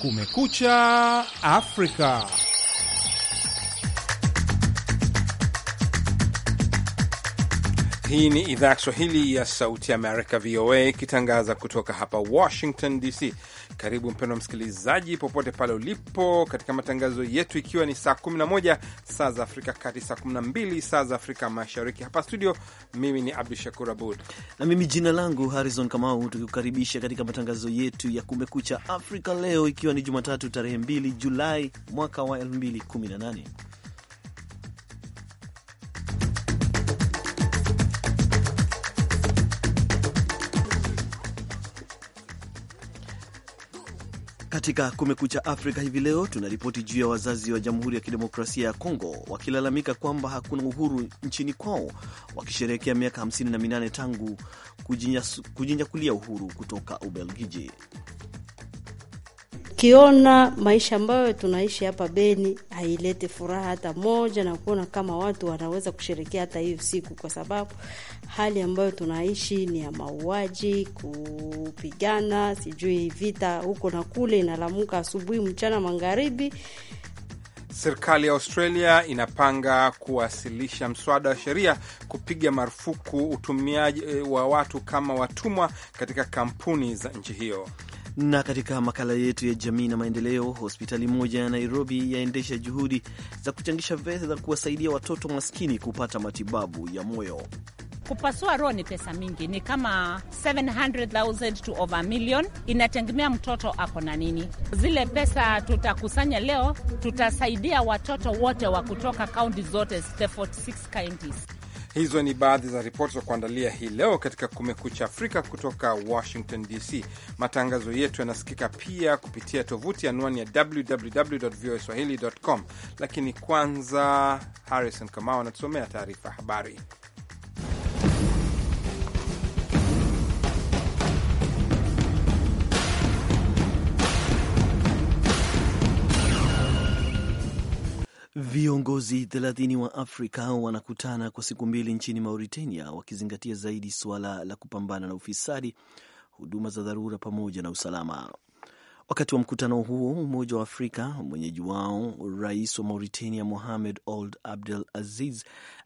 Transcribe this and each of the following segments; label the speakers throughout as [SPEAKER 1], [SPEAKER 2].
[SPEAKER 1] Kumekucha Afrika. Hii ni idhaa ya Kiswahili ya Sauti Amerika, VOA, ikitangaza kutoka hapa Washington DC. Karibu mpendwa msikilizaji, popote pale ulipo, katika matangazo yetu, ikiwa ni saa 11 saa za Afrika Kati, saa 12 saa za Afrika Mashariki. Hapa studio, mimi ni Abdu
[SPEAKER 2] Shakur Abud na mimi jina langu Harrison Kamau, tukikukaribisha katika matangazo yetu ya Kumekucha Afrika leo, ikiwa ni Jumatatu tarehe 2 Julai mwaka wa 2018. Katika Kumekucha Afrika hivi leo tunaripoti juu ya wazazi wa Jamhuri ya Kidemokrasia ya Kongo wakilalamika kwamba hakuna uhuru nchini kwao, wakisherehekea miaka 58 tangu kujinyakulia uhuru kutoka Ubelgiji
[SPEAKER 3] ukiona maisha ambayo tunaishi hapa Beni hailete furaha hata moja, na kuona kama watu wanaweza kusherekea hata hiyo siku, kwa sababu hali ambayo tunaishi ni ya mauaji, kupigana, sijui vita huko na kule, inalamuka asubuhi, mchana, magharibi.
[SPEAKER 1] Serikali ya Australia inapanga kuwasilisha mswada wa sheria kupiga marufuku utumiaji eh, wa watu kama watumwa katika kampuni za nchi hiyo.
[SPEAKER 2] Na katika makala yetu ya jamii na maendeleo, hospitali moja ya Nairobi yaendesha juhudi za kuchangisha fedha kuwasaidia watoto maskini kupata matibabu ya moyo.
[SPEAKER 4] Kupasua roho ni pesa mingi, ni kama 700,000 to over million, inategemea mtoto ako na nini. Zile pesa tutakusanya leo, tutasaidia watoto wote wa kutoka kaunti zote, the 46 counties.
[SPEAKER 1] Hizo ni baadhi za ripoti za kuandalia hii leo katika Kumekucha Afrika kutoka Washington DC. Matangazo yetu yanasikika pia kupitia tovuti anwani ya www voa swahili com, lakini kwanza Harrison Kamau anatusomea taarifa habari.
[SPEAKER 2] Viongozi 30 wa Afrika wanakutana kwa siku mbili nchini Mauritania, wakizingatia zaidi suala la kupambana na ufisadi, huduma za dharura pamoja na usalama. Wakati wa mkutano huo, Umoja wa Afrika mwenyeji wao, rais wa Mauritania Mohamed Ould Abdel Aziz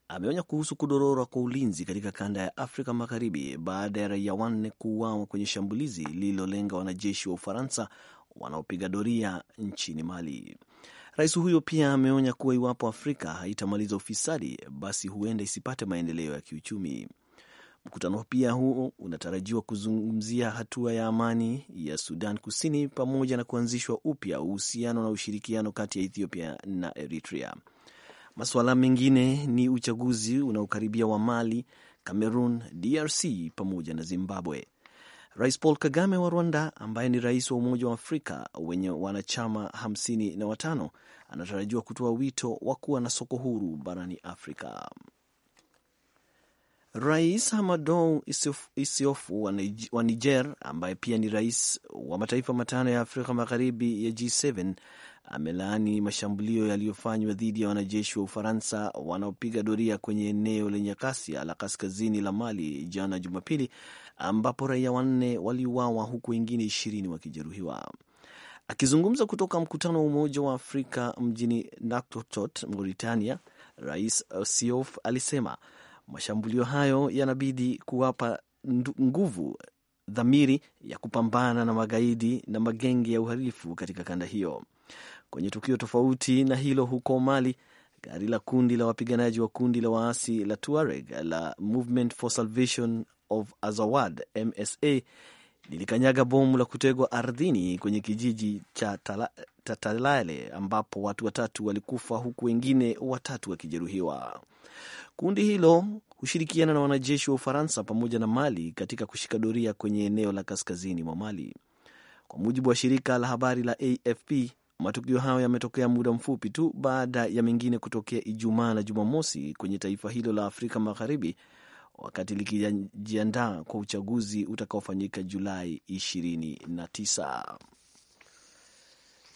[SPEAKER 2] ameonya kuhusu kudorora kwa ulinzi katika kanda ya Afrika Magharibi baada ya raia wanne kuuawa kwenye shambulizi lililolenga wanajeshi wa Ufaransa wanaopiga doria nchini Mali. Rais huyo pia ameonya kuwa iwapo Afrika haitamaliza ufisadi, basi huenda isipate maendeleo ya kiuchumi. Mkutano pia huo unatarajiwa kuzungumzia hatua ya amani ya Sudan Kusini pamoja na kuanzishwa upya uhusiano na ushirikiano kati ya Ethiopia na Eritrea. Masuala mengine ni uchaguzi unaokaribia wa Mali, Cameroon, DRC pamoja na Zimbabwe. Rais Paul Kagame wa Rwanda, ambaye ni rais wa Umoja wa Afrika wenye wanachama hamsini na watano, anatarajiwa kutoa wito wa kuwa na soko huru barani Afrika. Rais Hamadou Isiofu wa Niger, ambaye pia ni rais wa mataifa matano ya Afrika Magharibi ya G7, amelaani mashambulio yaliyofanywa dhidi ya wanajeshi wa Ufaransa wanaopiga doria kwenye eneo lenye ghasia la kaskazini la Mali jana Jumapili, ambapo raia wanne waliuawa huku wengine ishirini wakijeruhiwa. Akizungumza kutoka mkutano wa Umoja wa Afrika mjini Nouakchott, Mauritania, Rais Siouf alisema mashambulio hayo yanabidi kuwapa nguvu dhamiri ya kupambana na magaidi na magenge ya uhalifu katika kanda hiyo. Kwenye tukio tofauti na hilo, huko Mali, gari la kundi la wapiganaji wa kundi la waasi la Tuareg la Movement for Salvation of Azawad MSA lilikanyaga bomu la kutegwa ardhini kwenye kijiji cha Tatalale ambapo watu watatu walikufa huku wengine watatu wakijeruhiwa. Kundi hilo hushirikiana na wanajeshi wa Ufaransa pamoja na Mali katika kushika doria kwenye eneo la kaskazini mwa Mali. Kwa mujibu wa shirika la habari la AFP, matukio hayo yametokea muda mfupi tu baada ya mengine kutokea Ijumaa na Jumamosi kwenye taifa hilo la Afrika Magharibi wakati likijiandaa kwa uchaguzi utakaofanyika Julai 29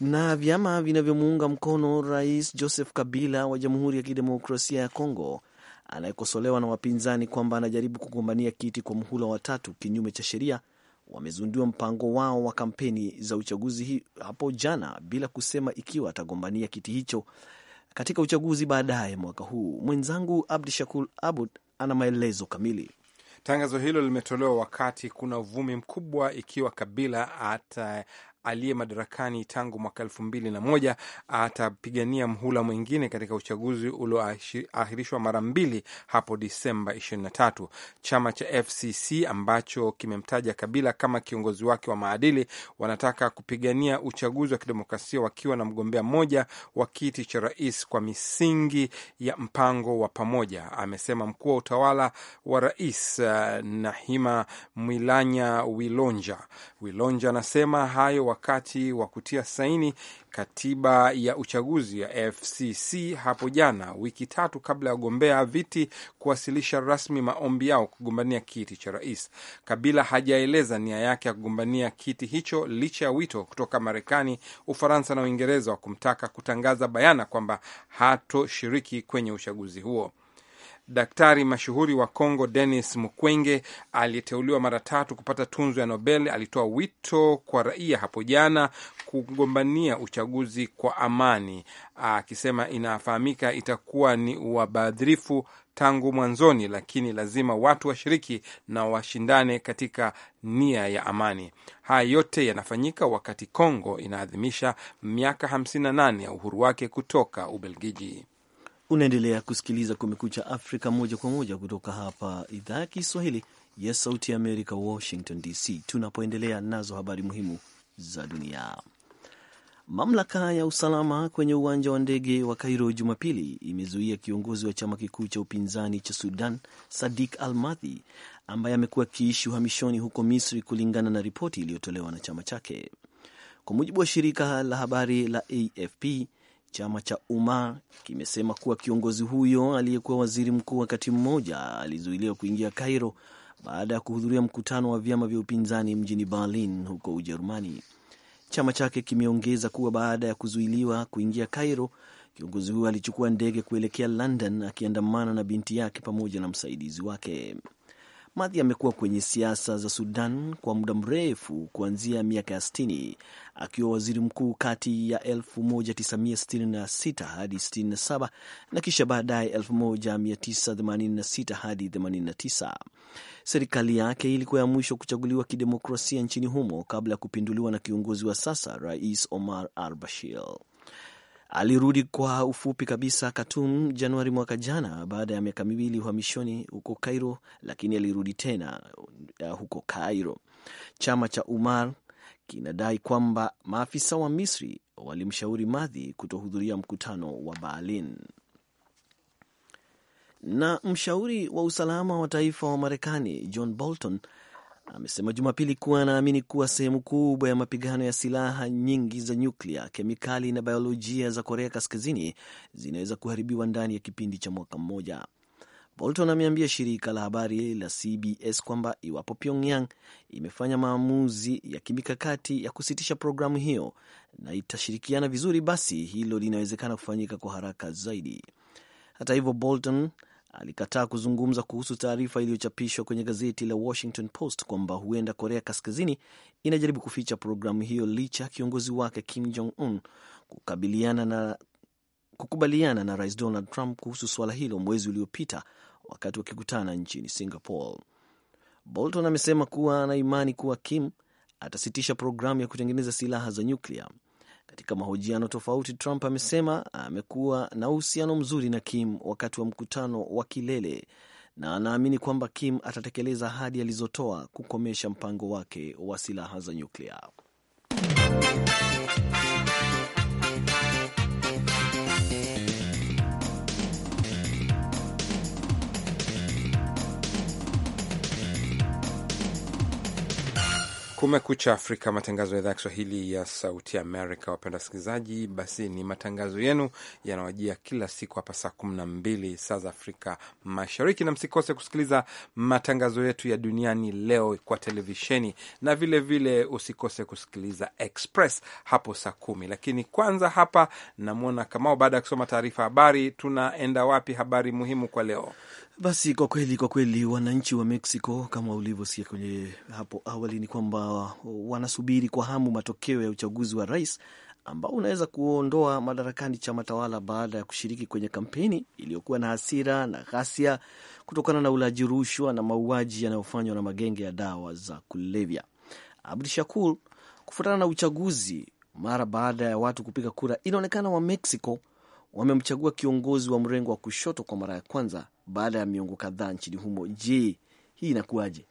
[SPEAKER 2] na vyama vinavyomuunga mkono Rais Joseph Kabila wa Jamhuri ya Kidemokrasia ya Kongo anayekosolewa na wapinzani kwamba anajaribu kugombania kiti kwa mhula watatu kinyume cha sheria wamezundua mpango wao wa kampeni za uchaguzi hapo jana bila kusema ikiwa atagombania kiti hicho katika uchaguzi baadaye mwaka huu. Mwenzangu Abdi Shakur Abud ana maelezo kamili.
[SPEAKER 1] Tangazo hilo limetolewa wakati kuna uvumi mkubwa ikiwa Kabila ata aliye madarakani tangu mwaka elfu mbili na moja atapigania mhula mwingine katika uchaguzi ulioahirishwa mara mbili hapo Disemba 23. Chama cha FCC ambacho kimemtaja Kabila kama kiongozi wake wa maadili wanataka kupigania uchaguzi wa kidemokrasia wakiwa na mgombea mmoja wa kiti cha rais kwa misingi ya mpango wa pamoja, amesema mkuu wa utawala wa rais eh, Nahima Mwilanya Wilonja. Wilonja anasema hayo wakati wa kutia saini katiba ya uchaguzi ya FCC hapo jana, wiki tatu kabla ya wagombea viti kuwasilisha rasmi maombi yao kugombania kiti cha rais. Kabila hajaeleza nia yake ya kugombania kiti hicho licha ya wito kutoka Marekani, Ufaransa na Uingereza wa kumtaka kutangaza bayana kwamba hatoshiriki kwenye uchaguzi huo. Daktari mashuhuri wa congo Denis Mukwege aliyeteuliwa mara tatu kupata tunzo ya Nobel alitoa wito kwa raia hapo jana kugombania uchaguzi kwa amani, akisema inafahamika itakuwa ni uwabadhirifu tangu mwanzoni, lakini lazima watu washiriki na washindane katika nia ya amani. Haya yote yanafanyika wakati congo inaadhimisha miaka 58 ya uhuru wake kutoka Ubelgiji.
[SPEAKER 2] Unaendelea kusikiliza Kumekucha Afrika moja kwa moja kutoka hapa idhaa ya Kiswahili ya Sauti ya Amerika, Washington DC, tunapoendelea nazo habari muhimu za dunia. Mamlaka ya usalama kwenye uwanja wa ndege wa Cairo Jumapili imezuia kiongozi wa chama kikuu cha upinzani cha Sudan Sadik al madhi ambaye amekuwa akiishi uhamishoni huko Misri, kulingana na ripoti iliyotolewa na chama chake. Kwa mujibu wa shirika la habari la AFP, Chama cha Umma kimesema kuwa kiongozi huyo aliyekuwa waziri mkuu wakati mmoja alizuiliwa kuingia Cairo baada ya kuhudhuria mkutano wa vyama vya upinzani mjini Berlin huko Ujerumani. Chama chake kimeongeza kuwa baada ya kuzuiliwa kuingia Cairo, kiongozi huyo alichukua ndege kuelekea London akiandamana na binti yake pamoja na msaidizi wake. Madhi amekuwa kwenye siasa za Sudan kwa muda mrefu, kuanzia miaka ya 60 akiwa waziri mkuu kati ya 1966 hadi 67 na kisha baadaye 1986 hadi 89. Serikali yake ilikuwa ya mwisho kuchaguliwa kidemokrasia nchini humo kabla ya kupinduliwa na kiongozi wa sasa Rais Omar al Bashir. Alirudi kwa ufupi kabisa Khartoum Januari mwaka jana baada ya miaka miwili uhamishoni huko Cairo, lakini alirudi tena uh, huko Cairo. Chama cha Umar kinadai kwamba maafisa wa Misri walimshauri Madhi kutohudhuria mkutano wa Berlin. Na mshauri wa usalama wa taifa wa Marekani John Bolton amesema Jumapili kuwa anaamini kuwa sehemu kubwa ya mapigano ya silaha nyingi za nyuklia, kemikali na biolojia za Korea Kaskazini zinaweza kuharibiwa ndani ya kipindi cha mwaka mmoja. Bolton ameambia shirika la habari la CBS kwamba iwapo Pyongyang imefanya maamuzi ya kimikakati ya kusitisha programu hiyo na itashirikiana vizuri, basi hilo linawezekana kufanyika kwa haraka zaidi. Hata hivyo, Bolton alikataa kuzungumza kuhusu taarifa iliyochapishwa kwenye gazeti la Washington Post kwamba huenda Korea Kaskazini inajaribu kuficha programu hiyo licha ya kiongozi wake Kim Jong Un kukabiliana na kukubaliana na Rais Donald Trump kuhusu suala hilo mwezi uliopita wakati wakikutana nchini Singapore. Bolton amesema kuwa ana imani kuwa Kim atasitisha programu ya kutengeneza silaha za nyuklia katika mahojiano tofauti, Trump amesema amekuwa na uhusiano mzuri na Kim wakati wa mkutano wa kilele na anaamini kwamba Kim atatekeleza ahadi alizotoa kukomesha mpango wake wa silaha za nyuklia.
[SPEAKER 1] Kumekucha Afrika, matangazo ya idhaa ya Kiswahili ya Sauti Amerika. Wapenda wasikilizaji, basi ni matangazo yenu yanawajia kila siku hapa saa kumi na mbili saa za Afrika Mashariki, na msikose kusikiliza matangazo yetu ya Duniani Leo kwa televisheni, na vilevile vile usikose kusikiliza Express hapo saa kumi. Lakini kwanza hapa namwona Kamao baada ya kusoma taarifa habari. Tunaenda wapi? Habari muhimu kwa leo
[SPEAKER 2] basi kwa kweli, kwa kweli wananchi wa Mexico kama ulivyosikia kwenye hapo awali ni kwamba wanasubiri kwa hamu matokeo ya uchaguzi wa rais ambao unaweza kuondoa madarakani chama tawala baada ya kushiriki kwenye kampeni iliyokuwa na hasira na ghasia kutokana na ulaji rushwa na mauaji yanayofanywa na magenge ya dawa za kulevya. Abdu Shakur, kufuatana na uchaguzi mara baada ya watu kupiga kura, inaonekana Wamexico wamemchagua kiongozi wa mrengo wa kushoto kwa mara ya kwanza baada ya miongo kadhaa nchini humo. Je, hii inakuwaje?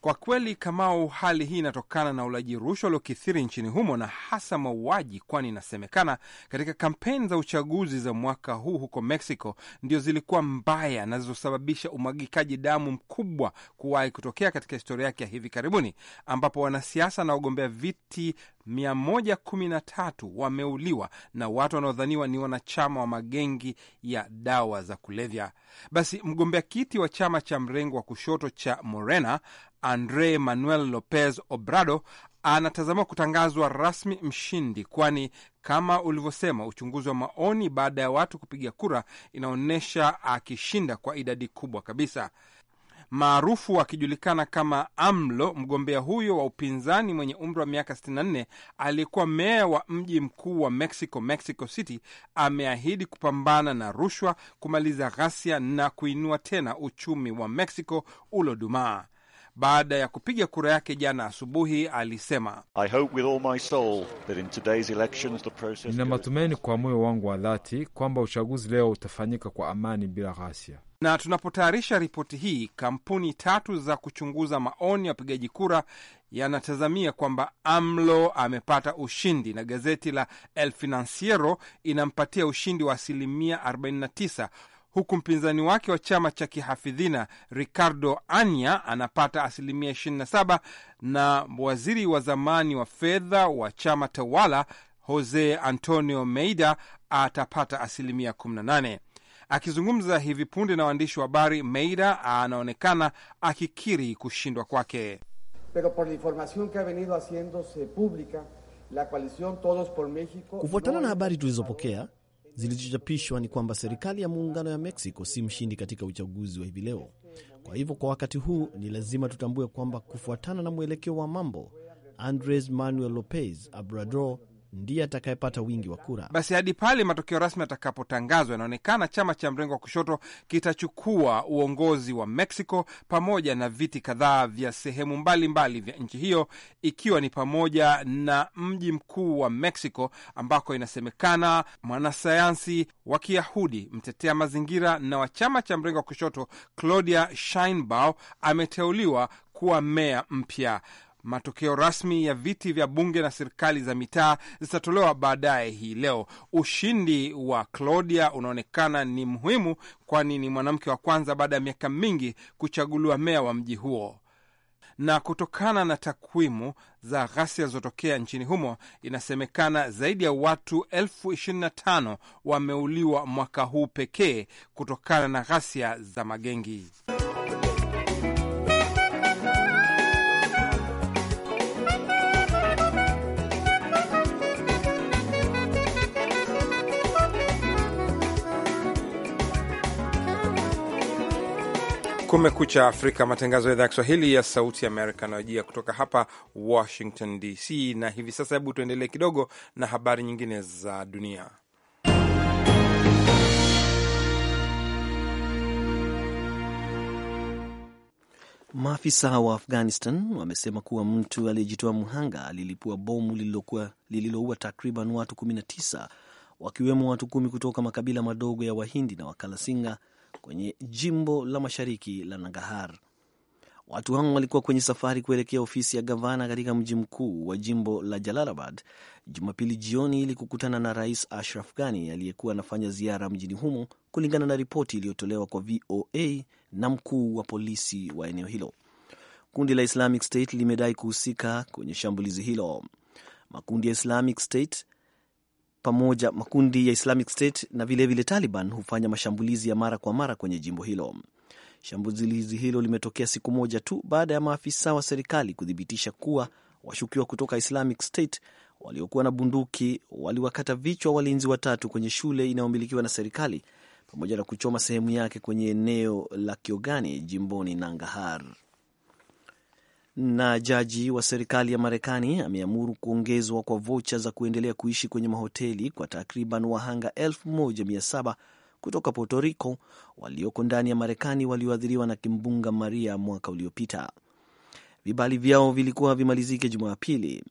[SPEAKER 2] Kwa kweli, Kamau, hali hii inatokana na ulaji rushwa uliokithiri nchini
[SPEAKER 1] humo na hasa mauaji, kwani inasemekana katika kampeni za uchaguzi za mwaka huu huko Mexico ndio zilikuwa mbaya na zilizosababisha umwagikaji damu mkubwa kuwahi kutokea katika historia yake ya hivi karibuni, ambapo wanasiasa na wagombea viti 113 wameuliwa na watu wanaodhaniwa ni wanachama wa magengi ya dawa za kulevya. Basi mgombea kiti wa chama cha mrengo wa kushoto cha Morena, Andre Manuel Lopez Obrado, anatazamiwa kutangazwa rasmi mshindi, kwani kama ulivyosema, uchunguzi wa maoni baada ya watu kupiga kura inaonyesha akishinda kwa idadi kubwa kabisa maarufu akijulikana kama AMLO. Mgombea huyo wa upinzani mwenye umri wa miaka 64 aliyekuwa meya wa mji mkuu wa Mexico, Mexico City, ameahidi kupambana na rushwa, kumaliza ghasia na kuinua tena uchumi wa Mexico ulodumaa. Baada ya kupiga kura yake jana asubuhi, alisema nina matumaini kwa moyo wangu wa dhati kwamba uchaguzi leo utafanyika kwa amani bila ghasia. Na tunapotayarisha ripoti hii, kampuni tatu za kuchunguza maoni ya wapigaji kura yanatazamia kwamba AMLO amepata ushindi, na gazeti la El Financiero inampatia ushindi wa asilimia 49 huku mpinzani wake wa chama cha kihafidhina Ricardo Anya anapata asilimia 27 na waziri wa zamani wa fedha wa chama tawala Jose Antonio Meida atapata asilimia 18. Akizungumza hivi punde na waandishi wa habari, Meida anaonekana akikiri kushindwa kwake.
[SPEAKER 5] Kufuatana na
[SPEAKER 2] habari tulizopokea zilizochapishwa ni kwamba serikali ya muungano ya Mexico si mshindi katika uchaguzi wa hivi leo. Kwa hivyo kwa wakati huu ni lazima tutambue kwamba kufuatana na mwelekeo wa mambo, Andres Manuel Lopez Obrador ndiye atakayepata wingi wa kura.
[SPEAKER 1] Basi hadi pale matokeo rasmi yatakapotangazwa, inaonekana chama cha mrengo wa kushoto kitachukua uongozi wa Mexico pamoja na viti kadhaa vya sehemu mbalimbali vya nchi hiyo, ikiwa ni pamoja na mji mkuu wa Mexico ambako inasemekana mwanasayansi wa Kiyahudi mtetea mazingira na wa chama cha mrengo wa kushoto Claudia Sheinbaum ameteuliwa kuwa meya mpya. Matokeo rasmi ya viti vya bunge na serikali za mitaa zitatolewa baadaye hii leo. Ushindi wa Claudia unaonekana ni muhimu, kwani ni mwanamke wa kwanza baada ya miaka mingi kuchaguliwa meya wa mji huo na kutokana na takwimu za ghasia zilizotokea nchini humo inasemekana zaidi ya watu elfu ishirini na tano wameuliwa mwaka huu pekee kutokana na ghasia za magengi. Kumekucha Afrika, matangazo ya idhaa ya Kiswahili ya Sauti Amerika yanayojia kutoka hapa Washington DC. Na hivi sasa, hebu tuendelee kidogo na habari nyingine za dunia.
[SPEAKER 2] Maafisa wa Afghanistan wamesema kuwa mtu aliyejitoa mhanga alilipua bomu lililoua takriban watu 19 wakiwemo watu kumi kutoka makabila madogo ya Wahindi na Wakalasinga kwenye jimbo la mashariki la Nangahar. Watu hao walikuwa kwenye safari kuelekea ofisi ya gavana katika mji mkuu wa jimbo la Jalalabad Jumapili jioni ili kukutana na Rais Ashraf Ghani aliyekuwa anafanya ziara mjini humo, kulingana na ripoti iliyotolewa kwa VOA na mkuu wa polisi wa eneo hilo. Kundi la Islamic State limedai kuhusika kwenye shambulizi hilo. Makundi ya Islamic State pamoja makundi ya Islamic State na vilevile vile Taliban hufanya mashambulizi ya mara kwa mara kwenye jimbo hilo. Shambulizi hilo limetokea siku moja tu baada ya maafisa wa serikali kuthibitisha kuwa washukiwa kutoka Islamic State waliokuwa na bunduki waliwakata vichwa walinzi watatu kwenye shule inayomilikiwa na serikali pamoja na kuchoma sehemu yake kwenye eneo la Kiogani jimboni Nangahar na jaji wa serikali ya Marekani ameamuru kuongezwa kwa vocha za kuendelea kuishi kwenye mahoteli kwa takriban wahanga 1700 kutoka Puerto Rico walioko ndani ya Marekani walioathiriwa na kimbunga Maria mwaka uliopita. Vibali vyao vilikuwa vimalizike Jumapili.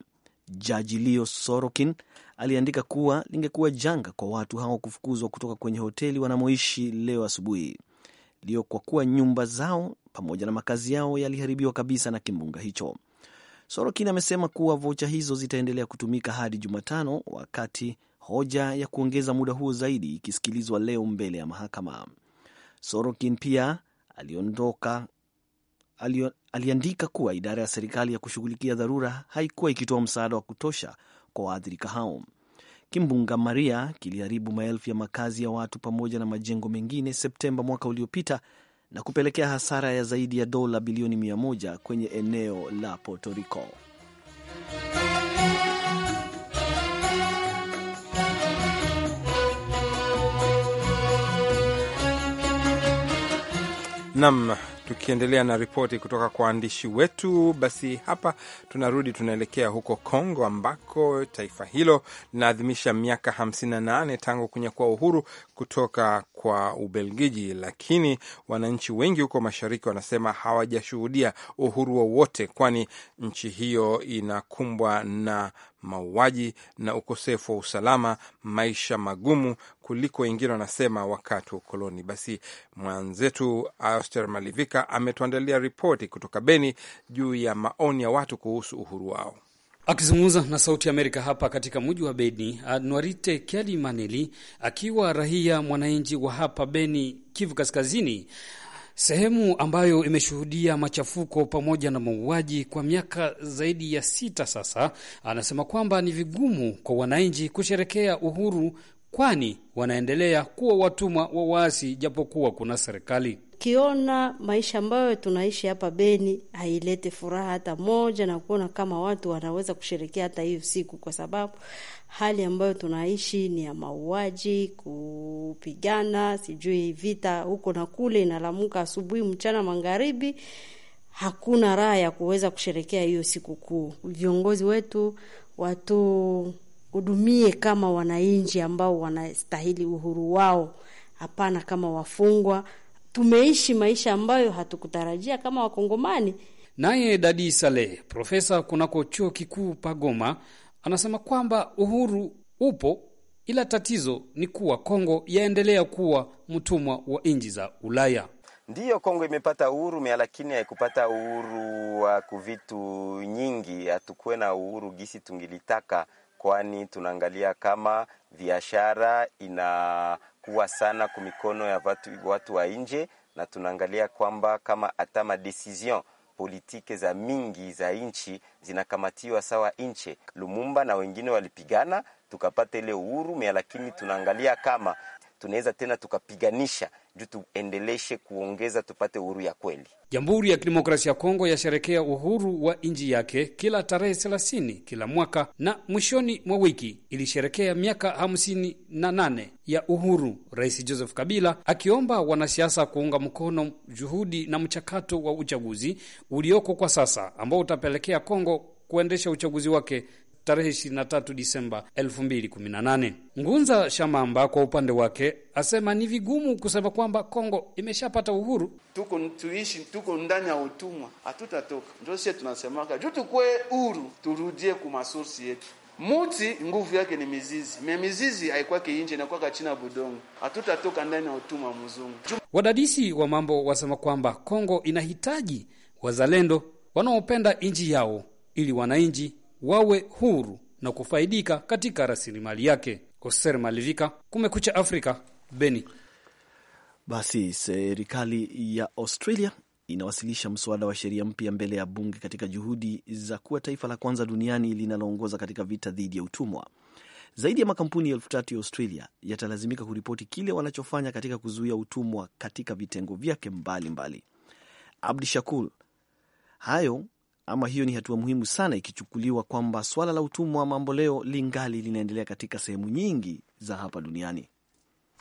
[SPEAKER 2] Jaji Leo Sorokin aliandika kuwa lingekuwa janga kwa watu hao kufukuzwa kutoka kwenye hoteli wanamoishi leo asubuhi. Leo, kwa kuwa nyumba zao pamoja na makazi yao yaliharibiwa kabisa na kimbunga hicho. Sorokin amesema kuwa vocha hizo zitaendelea kutumika hadi Jumatano, wakati hoja ya kuongeza muda huo zaidi ikisikilizwa leo mbele ya mahakama. Sorokin pia aliondoka aliandika kuwa idara ya serikali ya kushughulikia dharura haikuwa ikitoa msaada wa kutosha kwa waathirika hao. Kimbunga Maria kiliharibu maelfu ya makazi ya watu pamoja na majengo mengine Septemba mwaka uliopita, na kupelekea hasara ya zaidi ya dola bilioni 1 kwenye eneo la Puerto Rico.
[SPEAKER 1] Nam Tukiendelea na ripoti kutoka kwa waandishi wetu, basi hapa tunarudi, tunaelekea huko Kongo ambako taifa hilo linaadhimisha miaka 58 tangu kunyakua uhuru kutoka kwa Ubelgiji, lakini wananchi wengi huko mashariki wanasema hawajashuhudia uhuru wowote, kwani nchi hiyo inakumbwa na mauaji na ukosefu wa usalama, maisha magumu kuliko wengine wanasema wakati wa ukoloni. Basi mwenzetu Auster Malivika ametuandalia ripoti
[SPEAKER 5] kutoka Beni juu ya maoni ya watu kuhusu uhuru wao. Akizungumza na Sauti ya Amerika hapa katika mji wa Beni, Anwarite Kyali Maneli akiwa rahia mwananchi wa hapa Beni, Kivu Kaskazini, sehemu ambayo imeshuhudia machafuko pamoja na mauaji kwa miaka zaidi ya sita sasa, anasema kwamba ni vigumu kwa wananchi kusherekea uhuru, kwani wanaendelea kuwa watumwa wa waasi, japokuwa kuna serikali
[SPEAKER 3] ukiona maisha ambayo tunaishi hapa Beni hailete furaha hata moja, na kuona kama watu wanaweza kusherekea hata hiyo siku, kwa sababu hali ambayo tunaishi ni ya mauaji, kupigana, sijui vita huko na kule, inalamuka asubuhi, mchana, magharibi. Hakuna raha ya kuweza kusherekea hiyo siku kuu. Viongozi wetu watuhudumie kama wananchi ambao wanastahili uhuru wao, hapana kama wafungwa tumeishi maisha ambayo hatukutarajia kama Wakongomani.
[SPEAKER 5] Naye Dadi Saleh, profesa kunako chuo kikuu Pagoma, anasema kwamba uhuru upo, ila tatizo ni kuwa Kongo yaendelea kuwa mtumwa wa nchi za Ulaya. Ndiyo, Kongo imepata uhuru
[SPEAKER 1] mea, lakini haikupata uhuru wa kuvitu nyingi. Hatukuwe na uhuru gisi tungilitaka, kwani tunaangalia kama biashara ina kuwa sana kumikono ya watu, watu wa nje, na tunaangalia kwamba kama hata madesizion politike za mingi za nchi zinakamatiwa sawa nche. Lumumba na wengine walipigana tukapata ile uhuru mia, lakini tunaangalia kama tunaweza tena tukapiganisha juu tuendeleshe kuongeza tupate uhuru ya kweli.
[SPEAKER 5] Jamhuri ya Kidemokrasia ya Kongo yasherekea uhuru wa nchi yake kila tarehe thelathini kila mwaka, na mwishoni mwa wiki ilisherekea miaka hamsini na nane ya uhuru, Rais Joseph Kabila akiomba wanasiasa kuunga mkono juhudi na mchakato wa uchaguzi ulioko kwa sasa ambao utapelekea Kongo kuendesha uchaguzi wake tarehe 23 Disemba 2018. Ngunza Shamamba kwa upande wake asema ni vigumu kusema kwamba Kongo imeshapata uhuru.
[SPEAKER 2] Tuko tuishi, tuko ndani ya utumwa, hatutatoka. Ndio sisi tunasemaka juu tukwe huru, turudie kumasursi yetu Muti nguvu yake ni mizizi, me mizizi haikwake inje, inakwaka china budongo. Hatutatoka ndani ya utuma mzungu.
[SPEAKER 5] Wadadisi wa mambo wasema kwamba Kongo inahitaji wazalendo wanaopenda nchi yao ili wananchi wawe huru na kufaidika katika rasilimali yake. Hoser Malivika, Kumekucha Afrika, Beni.
[SPEAKER 2] Basi serikali ya Australia inawasilisha mswada wa sheria mpya mbele ya bunge katika juhudi za kuwa taifa la kwanza duniani linaloongoza katika vita dhidi ya utumwa. Zaidi ya makampuni elfu tatu ya Australia yatalazimika kuripoti kile wanachofanya katika kuzuia utumwa katika vitengo vyake mbalimbali. Abdi Shakur, hayo ama hiyo ni hatua muhimu sana ikichukuliwa kwamba swala la utumwa mamboleo lingali linaendelea katika sehemu nyingi za hapa duniani.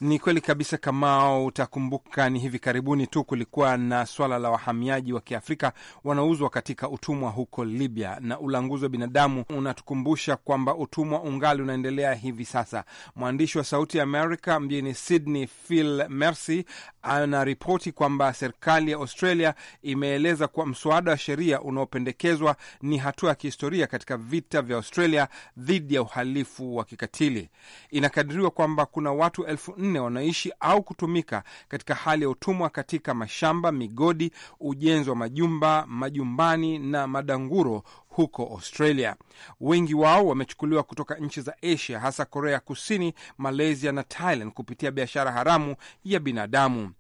[SPEAKER 2] Ni kweli kabisa.
[SPEAKER 1] Kamao, utakumbuka ni hivi karibuni tu kulikuwa na swala la wahamiaji wa Kiafrika wanauzwa katika utumwa huko Libya, na ulanguzi wa binadamu unatukumbusha kwamba utumwa ungali unaendelea hivi sasa. Mwandishi wa Sauti ya Amerika mjini Sydney, Phil Mercy anaripoti kwamba serikali ya Australia imeeleza kuwa mswada wa sheria unaopendekezwa ni hatua ya kihistoria katika vita vya Australia dhidi ya uhalifu wa kikatili. Inakadiriwa kwamba kuna watu elfu nne wanaishi au kutumika katika hali ya utumwa katika mashamba, migodi, ujenzi wa majumba majumbani na madanguro huko Australia. Wengi wao wamechukuliwa kutoka nchi za Asia, hasa Korea Kusini, Malaysia na Thailand kupitia biashara haramu ya binadamu.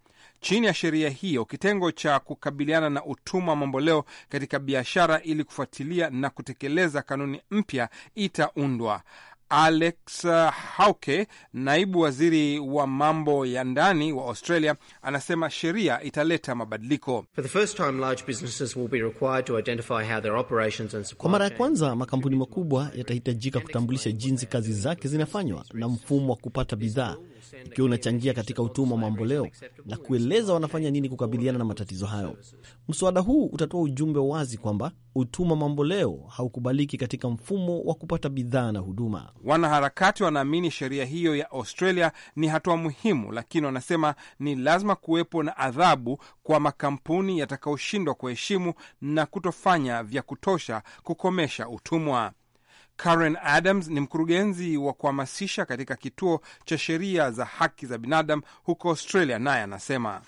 [SPEAKER 1] Chini ya sheria hiyo, kitengo cha kukabiliana na utumwa mamboleo katika biashara ili kufuatilia na kutekeleza kanuni mpya itaundwa. Alex uh, Hauke, naibu waziri wa mambo ya ndani wa Australia, anasema sheria italeta mabadiliko.
[SPEAKER 2] Kwa mara ya kwanza, makampuni makubwa yatahitajika kutambulisha jinsi kazi zake zinafanywa na mfumo wa kupata bidhaa ikiwa unachangia katika utumwa mamboleo na kueleza wanafanya nini kukabiliana na matatizo hayo. Mswada huu utatoa ujumbe wazi kwamba utumwa mamboleo haukubaliki katika mfumo wa kupata bidhaa na huduma.
[SPEAKER 1] Wanaharakati wanaamini sheria hiyo ya Australia ni hatua muhimu, lakini wanasema ni lazima kuwepo na adhabu kwa makampuni yatakayoshindwa kuheshimu na kutofanya vya kutosha kukomesha utumwa. Karen Adams ni mkurugenzi wa kuhamasisha katika kituo cha sheria za haki za binadamu huko Australia, naye anasema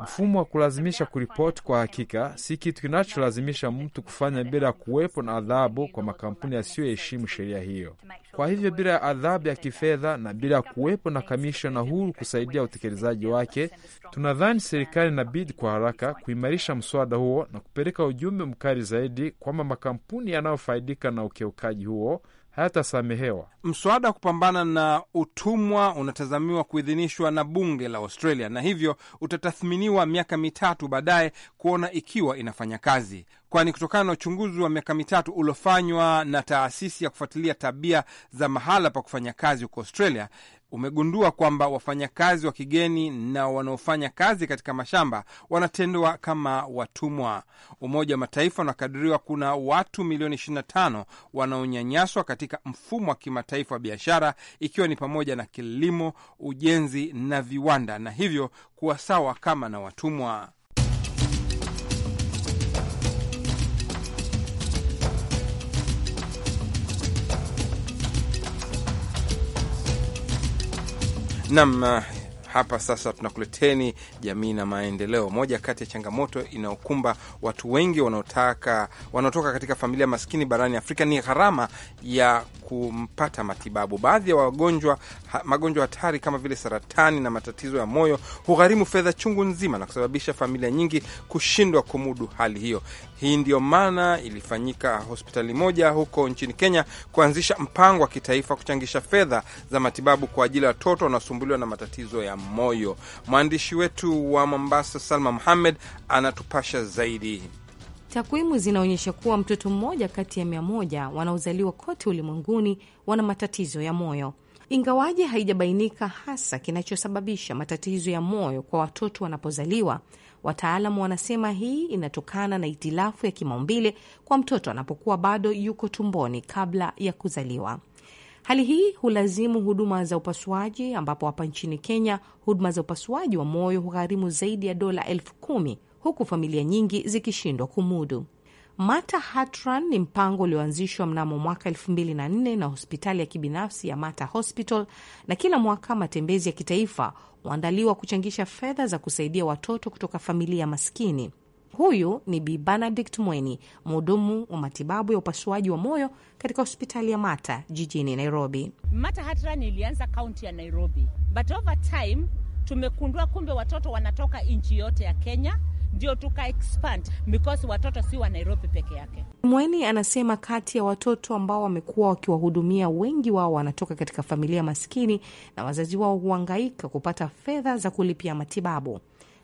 [SPEAKER 1] mfumo wa kulazimisha kuripoti kwa hakika si kitu kinacholazimisha mtu kufanya bila ya kuwepo na adhabu kwa makampuni yasiyoheshimu sheria hiyo. Kwa hivyo, bila ya adhabu ya kifedha na bila ya kuwepo na kamishona huru kusaidia utekelezaji wake, tunadhani serikali inabidi kwa haraka kuimarisha mswada huo na kupeleka ujumbe mkali zaidi kwamba makampuni yanayofaidika na ukiukaji huo hayatasamehewa. Mswada wa kupambana na utumwa unatazamiwa kuidhinishwa na bunge la Australia na hivyo utatathminiwa miaka mitatu baadaye kuona ikiwa inafanya kazi, kwani kutokana na uchunguzi wa miaka mitatu uliofanywa na taasisi ya kufuatilia tabia za mahala pa kufanya kazi huko Australia umegundua kwamba wafanyakazi wa kigeni na wanaofanya kazi katika mashamba wanatendwa kama watumwa. Umoja wa Mataifa unakadiriwa kuna watu milioni 25 wanaonyanyaswa katika mfumo wa kimataifa wa biashara, ikiwa ni pamoja na kilimo, ujenzi na viwanda, na hivyo kuwa sawa kama na watumwa. نعم Hapa sasa tunakuleteni jamii na maendeleo. Moja kati ya changamoto inayokumba watu wengi wanaotaka wanaotoka katika familia maskini barani Afrika ni gharama ya kumpata matibabu. Baadhi ya wagonjwa magonjwa hatari kama vile saratani na matatizo ya moyo hugharimu fedha chungu nzima na kusababisha familia nyingi kushindwa kumudu hali hiyo. Hii ndiyo maana ilifanyika hospitali moja huko nchini Kenya kuanzisha mpango wa kitaifa kuchangisha fedha za matibabu kwa ajili ya watoto wanaosumbuliwa na matatizo ya moyo. Mwandishi wetu wa Mombasa, Salma muhamed anatupasha zaidi.
[SPEAKER 6] Takwimu zinaonyesha kuwa mtoto mmoja kati ya mia moja wanaozaliwa kote ulimwenguni wana matatizo ya moyo, ingawaje haijabainika hasa kinachosababisha matatizo ya moyo kwa watoto wanapozaliwa. Wataalamu wanasema hii inatokana na itilafu ya kimaumbile kwa mtoto anapokuwa bado yuko tumboni kabla ya kuzaliwa. Hali hii hulazimu huduma za upasuaji, ambapo hapa nchini Kenya huduma za upasuaji wa moyo hugharimu zaidi ya dola elfu kumi huku familia nyingi zikishindwa kumudu. Mata Hatran ni mpango ulioanzishwa mnamo mwaka 2004 na hospitali ya kibinafsi ya Mata Hospital, na kila mwaka matembezi ya kitaifa huandaliwa kuchangisha fedha za kusaidia watoto kutoka familia maskini. Huyu ni Bi Benedict Mweni, mhudumu wa matibabu ya upasuaji wa moyo katika hospitali ya Mata jijini Nairobi.
[SPEAKER 4] Mata Hatrani ilianza kaunti ya Nairobi, but over time tumekundua kumbe watoto wanatoka nchi yote ya Kenya ndio tuka expand because watoto si wa Nairobi peke yake.
[SPEAKER 6] Mweni anasema kati ya watoto ambao wamekuwa wakiwahudumia wengi wao wanatoka katika familia maskini na wazazi wao huangaika kupata fedha za kulipia matibabu.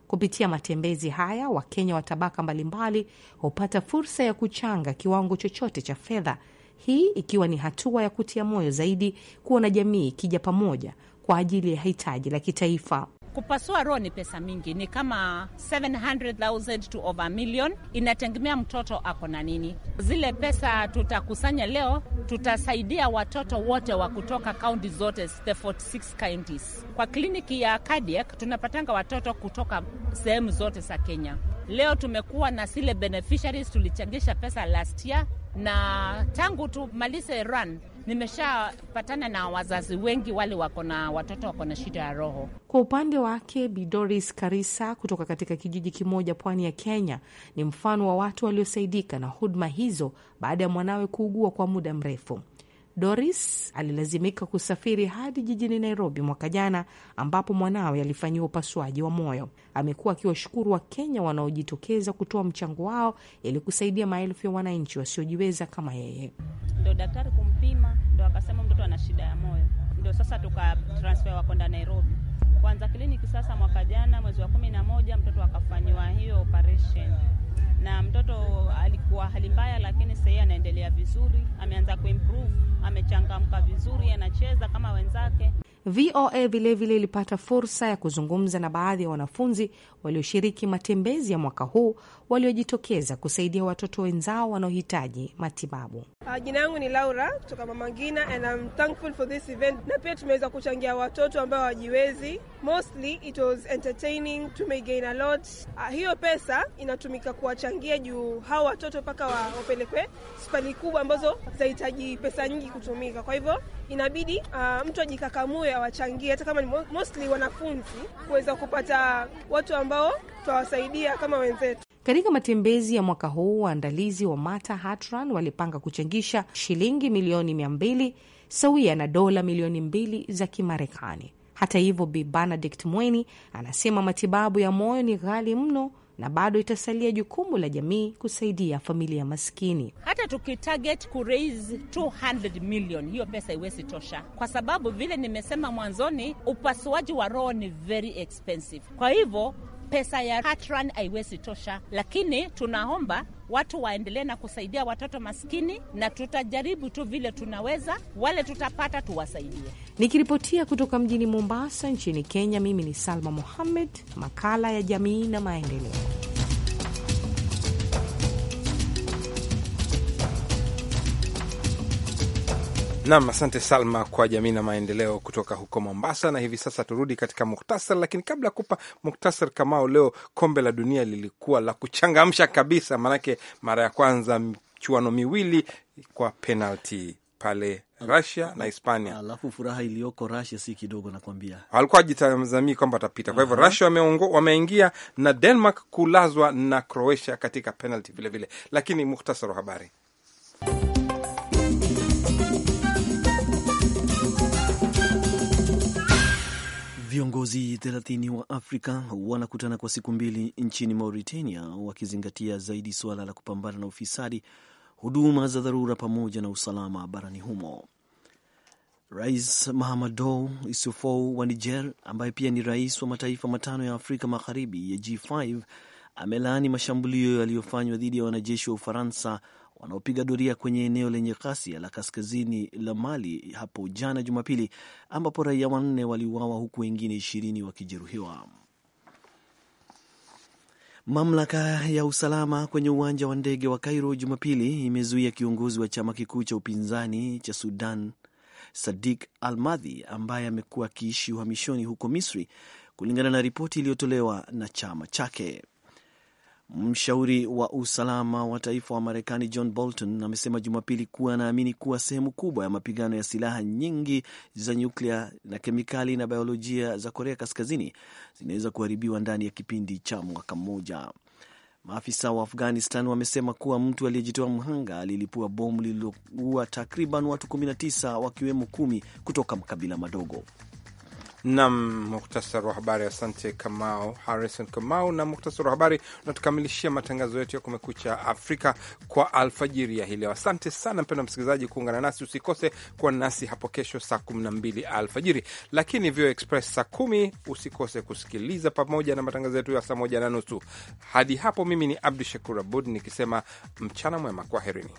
[SPEAKER 6] Kupitia matembezi haya, Wakenya wa tabaka mbalimbali hupata fursa ya kuchanga kiwango chochote cha fedha, hii ikiwa ni hatua ya kutia moyo zaidi kuona jamii ikija pamoja kwa ajili ya hitaji la kitaifa.
[SPEAKER 4] Kupasua roho ni pesa mingi, ni kama 700,000 to over million, inategemea mtoto ako na nini. Zile pesa tutakusanya leo, tutasaidia watoto wote wa kutoka kaunti zote, the 46 counties. Kwa kliniki ya cardiac tunapatanga watoto kutoka sehemu zote za Kenya. Leo tumekuwa na zile beneficiaries, tulichangisha pesa last year, na tangu tumalize run nimeshapatana na wazazi wengi wale wako na watoto wako na shida ya roho.
[SPEAKER 6] Kwa upande wake, Bidoris Karisa kutoka katika kijiji kimoja pwani ya Kenya ni mfano wa watu waliosaidika na huduma hizo baada ya mwanawe kuugua kwa muda mrefu. Doris alilazimika kusafiri hadi jijini Nairobi mwaka jana, ambapo mwanawe alifanyiwa upasuaji wa moyo. Amekuwa akiwashukuru Wakenya wanaojitokeza kutoa mchango wao ili kusaidia maelfu ya wananchi wasiojiweza kama yeye.
[SPEAKER 4] Ndo daktari kumpima, ndo akasema mtoto ana shida ya moyo, ndo sasa tukatransfer wakwenda Nairobi kwanza kliniki sasa mwaka jana mwezi wa kumi na moja mtoto akafanyiwa hiyo operation na mtoto alikuwa hali mbaya, lakini sasa yeye anaendelea vizuri, ameanza kuimprove, amechangamka vizuri, anacheza kama wenzake.
[SPEAKER 6] VOA vilevile ilipata fursa ya kuzungumza na baadhi ya wanafunzi walioshiriki matembezi ya mwaka huu waliojitokeza kusaidia watoto wenzao wanaohitaji matibabu. Uh, jina yangu ni Laura kutoka Mama Ngina and I'm thankful for this event, na pia tumeweza kuchangia watoto ambao hawajiwezi. Mostly it was entertaining, a lot. Uh, hiyo pesa inatumika kuwachangia juu hao watoto mpaka wapelekwe hospitali kubwa ambazo zahitaji pesa nyingi kutumika, kwa hivyo inabidi uh, mtu ajikakamue awachangie, hata kama ni mostly wanafunzi kuweza kupata watu ambao tutawasaidia kama wenzetu. Katika matembezi ya mwaka huu, waandalizi wa Mata Hatran walipanga kuchangisha shilingi milioni mia mbili sawia na dola milioni mbili za Kimarekani. Hata hivyo, Bi Benedict Mweni anasema matibabu ya moyo ni ghali mno na bado itasalia jukumu la jamii kusaidia familia maskini.
[SPEAKER 4] Hata tukitarget ku 200 million, hiyo pesa iwezi tosha, kwa sababu vile nimesema mwanzoni, upasuaji wa roho ni very expensive. Kwa hivyo pesa ya hatran haiwezi tosha, lakini tunaomba watu waendelee na kusaidia watoto maskini, na tutajaribu tu vile tunaweza, wale tutapata
[SPEAKER 6] tuwasaidie. Nikiripotia kutoka mjini Mombasa nchini Kenya, mimi ni Salma muhammed makala ya jamii na maendeleo.
[SPEAKER 1] Nam, asante Salma kwa jamii na maendeleo kutoka huko Mombasa. Na hivi sasa turudi katika muktasar, lakini kabla ya kupa muktasar kamao, leo kombe la dunia lilikuwa la kuchangamsha kabisa, maanake mara ya kwanza michuano miwili kwa penalti pale rusia na Hispania.
[SPEAKER 2] Alafu furaha iliyoko Rusia si kidogo, nakwambia.
[SPEAKER 1] Walikuwa wajitazamii kwamba watapita. Kwa hivyo Rusia wameingia na Denmark kulazwa na Croatia katika penalti vilevile. Lakini muhtasari wa habari
[SPEAKER 2] Viongozi 30 wa Afrika wanakutana kwa siku mbili nchini Mauritania wakizingatia zaidi suala la kupambana na ufisadi, huduma za dharura pamoja na usalama barani humo. Rais Mahamadou Issoufou wa Niger, ambaye pia ni rais wa mataifa matano ya Afrika Magharibi ya G5, amelaani mashambulio yaliyofanywa dhidi ya wanajeshi wa Ufaransa wanaopiga doria kwenye eneo lenye ghasia la kaskazini la Mali hapo jana Jumapili, ambapo raia wanne waliuawa huku wengine ishirini wakijeruhiwa. Mamlaka ya usalama kwenye uwanja wa ndege wa Cairo Jumapili imezuia kiongozi wa chama kikuu cha upinzani cha Sudan Sadik al madhi ambaye amekuwa akiishi uhamishoni huko Misri, kulingana na ripoti iliyotolewa na chama chake. Mshauri wa usalama wa taifa wa Marekani John Bolton amesema Jumapili kuwa anaamini kuwa sehemu kubwa ya mapigano ya silaha nyingi za nyuklia na kemikali na biolojia za Korea Kaskazini zinaweza kuharibiwa ndani ya kipindi cha mwaka mmoja. Maafisa wa Afghanistan wamesema kuwa mtu aliyejitoa mhanga alilipua bomu lililoua takriban watu 19 wakiwemo kumi kutoka makabila madogo.
[SPEAKER 1] Nam muktasari wa habari. Asante Kamau Harrison Kamau. Na muktasari wa habari unatukamilishia matangazo yetu ya Kumekucha Afrika kwa alfajiri ya hii leo. Asante sana mpendwa msikilizaji kuungana nasi, usikose kuwa nasi hapo kesho saa mbili alfajiri, lakini VOA Express saa kumi usikose kusikiliza, pamoja na matangazo yetu ya saa moja na nusu. Hadi hapo, mimi ni Abdu Shakur Abud nikisema mchana mwema, kwaherini.